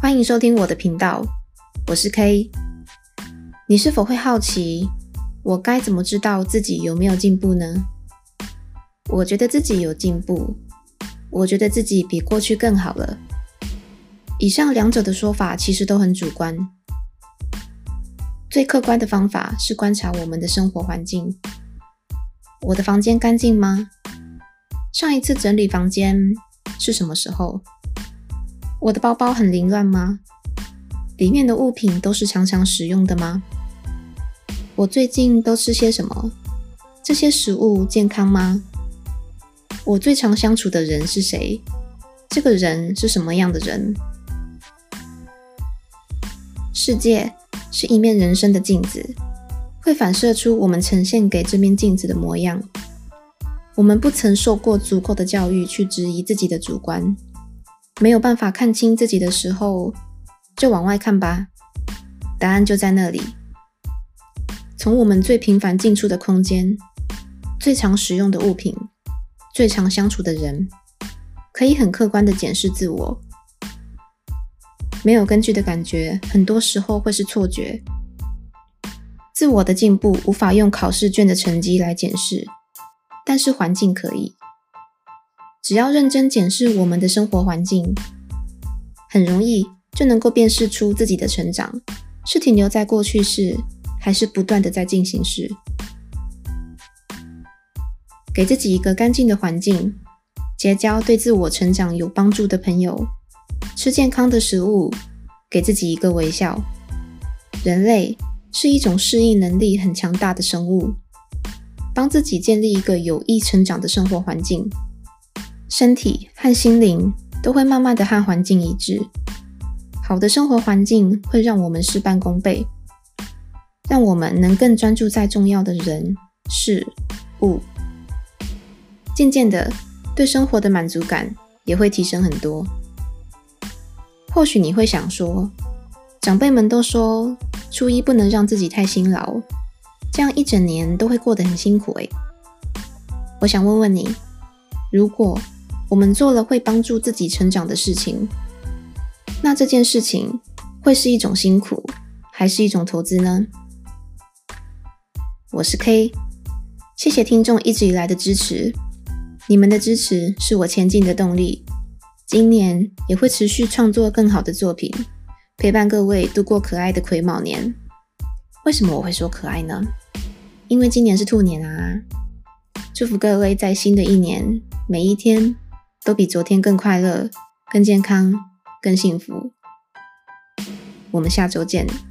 歡迎收聽我的頻道，我是 K。你是否會好奇，我該怎麼知道自己有沒有進步呢？我覺得自己有進步，我覺得自己比過去更好了。以上兩者的說法其實都很主觀。最客觀的方法是觀察我們的生活環境。我的房間乾淨嗎？上一次整理房間是什麼時候？我的包包很凌亂嗎？裡面的物品都是常常使用的嗎？我最近都吃些什麼？這些食物健康嗎？我最常相處的人是誰？這個人是什麼樣的人？世界是一面人生的鏡子，會反射出我們呈現給這面鏡子的模樣。我們不曾受過足夠的教育去質疑自己的主觀。沒有辦法看清自己的時候，就往外看吧。答案就在那裡。從我們最頻繁進出的空間、最常使用的物品、最常相處的人，可以很客觀地檢視自我。沒有根據的感覺，很多時候會是錯覺。自我的進步無法用考試卷的成績來檢視，但是環境可以。只要認真檢視我們的生活環境，很容易就能夠辨識出自己的成長是停留在過去式，還是不斷的在進行式。給自己一個乾淨的環境，結交對自我成長有幫助的朋友，吃健康的食物，給自己一個微笑。人類是一種適應能力很強大的生物，幫自己建立一個有益成長的生活環境。身體和心靈都會慢慢的和環境一致，好的生活環境會讓我們事半功倍，讓我們能更專注在重要的人事物。漸漸的，對生活的滿足感也會提升很多。或許你會想說，長輩們都說初一不能讓自己太辛勞，這樣一整年都會過得很辛苦欸。我想問問你，如果，我們做了會幫助自己成長的事情，那這件事情會是一種辛苦，還是一種投資呢？我是 K，謝謝聽眾一直以來的支持，你們的支持是我前進的動力。今年也會持續創作更好的作品，陪伴各位度過可愛的癸卯年。為什麼我會說可愛呢？因為今年是兔年啊！祝福各位在新的一年每一天。都比昨天更快樂、更健康、更幸福。我們下周見。